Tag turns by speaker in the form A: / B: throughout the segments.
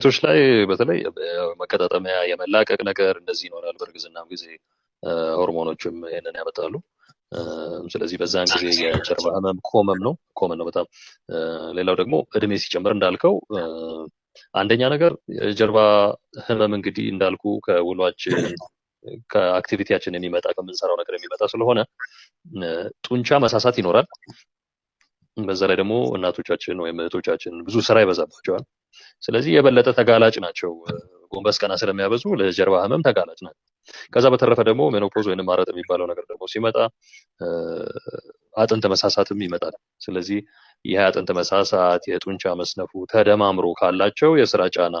A: ሴቶች ላይ በተለይ መቀጣጠሚያ የመላቀቅ ነገር እንደዚህ ይኖራል። በእርግዝናም ጊዜ ሆርሞኖችም ይህንን ያመጣሉ። ስለዚህ በዛን ጊዜ የጀርባ ህመም ኮመም ነው ኮመን ነው በጣም ሌላው ደግሞ እድሜ ሲጨምር እንዳልከው አንደኛ ነገር የጀርባ ህመም እንግዲህ እንዳልኩ ከውሏችን ከአክቲቪቲያችን የሚመጣ ከምንሰራው ነገር የሚመጣ ስለሆነ ጡንቻ መሳሳት ይኖራል። በዛ ላይ ደግሞ እናቶቻችን ወይም እህቶቻችን ብዙ ስራ ይበዛባቸዋል። ስለዚህ የበለጠ ተጋላጭ ናቸው። ጎንበስ ቀና ስለሚያበዙ ለጀርባ ህመም ተጋላጭ ናቸው። ከዛ በተረፈ ደግሞ ሜኖፖዝ ወይም ማረጥ የሚባለው ነገር ደግሞ ሲመጣ አጥንት መሳሳትም ይመጣል። ስለዚህ ይህ አጥንት መሳሳት፣ የጡንቻ መስነፉ ተደማምሮ ካላቸው የስራ ጫና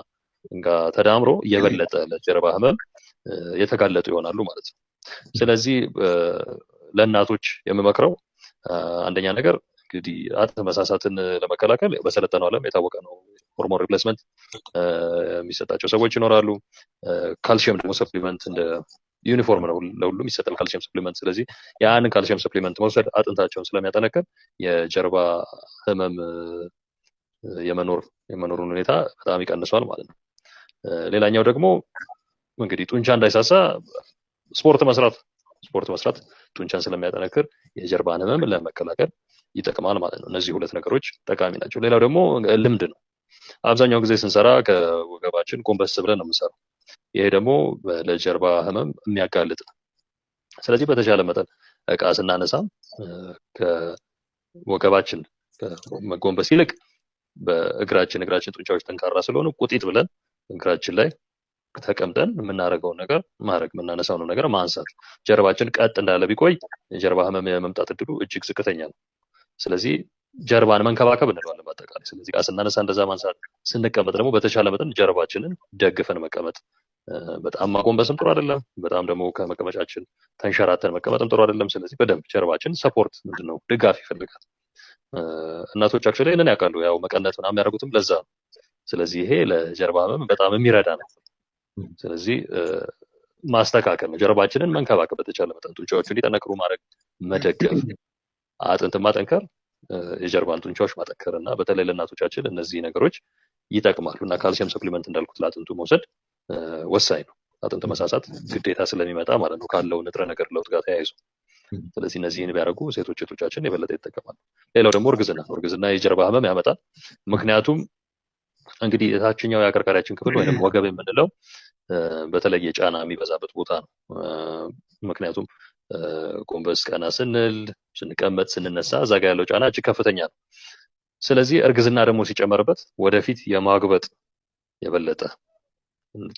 A: እንጋ ተዳምሮ የበለጠ ለጀርባ ህመም የተጋለጡ ይሆናሉ ማለት ነው። ስለዚህ ለእናቶች የምመክረው አንደኛ ነገር እንግዲህ አጥንት መሳሳትን ለመከላከል በሰለጠነው ዓለም የታወቀ ነው ሆርሞን ሪፕሌስመንት የሚሰጣቸው ሰዎች ይኖራሉ። ካልሽየም ደግሞ ሰፕሊመንት እንደ ዩኒፎርም ነው ለሁሉም ይሰጣል ካልሽየም ሰፕሊመንት። ስለዚህ ያንን ካልሽየም ሰፕሊመንት መውሰድ አጥንታቸውን ስለሚያጠነክር የጀርባ ህመም የመኖር የመኖሩን ሁኔታ በጣም ይቀንሷል ማለት ነው። ሌላኛው ደግሞ እንግዲህ ጡንቻ እንዳይሳሳ ስፖርት መስራት ስፖርት መስራት ጡንቻን ስለሚያጠነክር የጀርባን ህመም ለመከላከል ይጠቅማል ማለት ነው። እነዚህ ሁለት ነገሮች ጠቃሚ ናቸው። ሌላው ደግሞ ልምድ ነው። አብዛኛው ጊዜ ስንሰራ ከወገባችን ጎንበስ ብለን ነው የምንሰራው። ይሄ ደግሞ ለጀርባ ህመም የሚያጋልጥ ነው። ስለዚህ በተቻለ መጠን እቃ ስናነሳም ከወገባችን መጎንበስ ይልቅ በእግራችን እግራችን ጡንቻዎች ጠንካራ ስለሆኑ ቁጢት ብለን እግራችን ላይ ተቀምጠን የምናደርገውን ነገር ማድረግ የምናነሳው ነገር ማንሳት ጀርባችን ቀጥ እንዳለ ቢቆይ የጀርባ ህመም የመምጣት እድሉ እጅግ ዝቅተኛ ነው። ስለዚህ ጀርባን መንከባከብ እንለዋለን ማለት ስለዚህ ቃ ስናነሳ እንደዛ ማንሳት፣ ስንቀመጥ ደግሞ በተቻለ መጠን ጀርባችንን ደግፈን መቀመጥ። በጣም ማጎንበስም ጥሩ አይደለም፣ በጣም ደግሞ ከመቀመጫችን ተንሸራተን መቀመጥም ጥሩ አይደለም። ስለዚህ በደንብ ጀርባችን ሰፖርት ምንድን ነው ድጋፍ ይፈልጋል። እናቶቻችን ላይ ይህንን ያውቃሉ። ያው መቀነት ምናምን የሚያደርጉትም ለዛ ነው። ስለዚህ ይሄ ለጀርባ ህመም በጣም የሚረዳ ነው። ስለዚህ ማስተካከል ነው። ጀርባችንን መንከባከብ በተቻለ መጠን ጡንቻዎቹ እንዲጠነክሩ ማድረግ፣ መደገፍ፣ አጥንት ማጠንከር የጀርባ ጡንቻዎች ማጠንከር እና በተለይ ለእናቶቻችን እነዚህ ነገሮች ይጠቅማሉ እና ካልሲየም ሰፕሊመንት እንዳልኩት ለአጥንቱ መውሰድ ወሳኝ ነው። አጥንት መሳሳት ግዴታ ስለሚመጣ ማለት ነው ካለው ንጥረ ነገር ለውጥ ጋር ተያይዞ። ስለዚህ እነዚህን ቢያደርጉ ሴቶች እህቶቻችን የበለጠ ይጠቀማሉ። ሌላው ደግሞ እርግዝና ነው። እርግዝና የጀርባ ህመም ያመጣል። ምክንያቱም እንግዲህ የታችኛው የአከርካሪያችን ክፍል ወይም ወገብ የምንለው በተለየ ጫና የሚበዛበት ቦታ ነው። ምክንያቱም ጎንበስ ቀና ስንል ስንቀመጥ፣ ስንነሳ እዛ ጋ ያለው ጫና እጅግ ከፍተኛ ነው። ስለዚህ እርግዝና ደግሞ ሲጨመርበት ወደፊት የማጉበጥ የበለጠ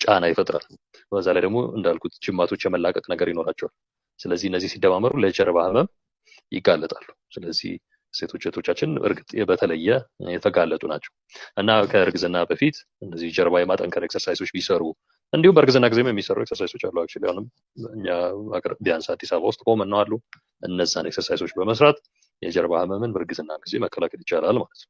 A: ጫና ይፈጥራል። በዛ ላይ ደግሞ እንዳልኩት ጅማቶች የመላቀቅ ነገር ይኖራቸዋል። ስለዚህ እነዚህ ሲደማመሩ ለጀርባ ህመም ይጋለጣሉ። ስለዚህ ሴቶች እህቶቻችን እርግጥ በተለየ የተጋለጡ ናቸው እና ከእርግዝና በፊት እነዚህ ጀርባ የማጠንከር ኤክሰርሳይሶች ቢሰሩ እንዲሁም በእርግዝና ጊዜም የሚሰሩ ኤክሰርሳይሶች አሉ። አክቹዋሊ ቢያንስ አዲስ አበባ ውስጥ ቆመን ነው አሉ እነዛን ኤክሰርሳይሶች በመስራት የጀርባ ህመምን በእርግዝና ጊዜ መከላከል ይቻላል ማለት ነው።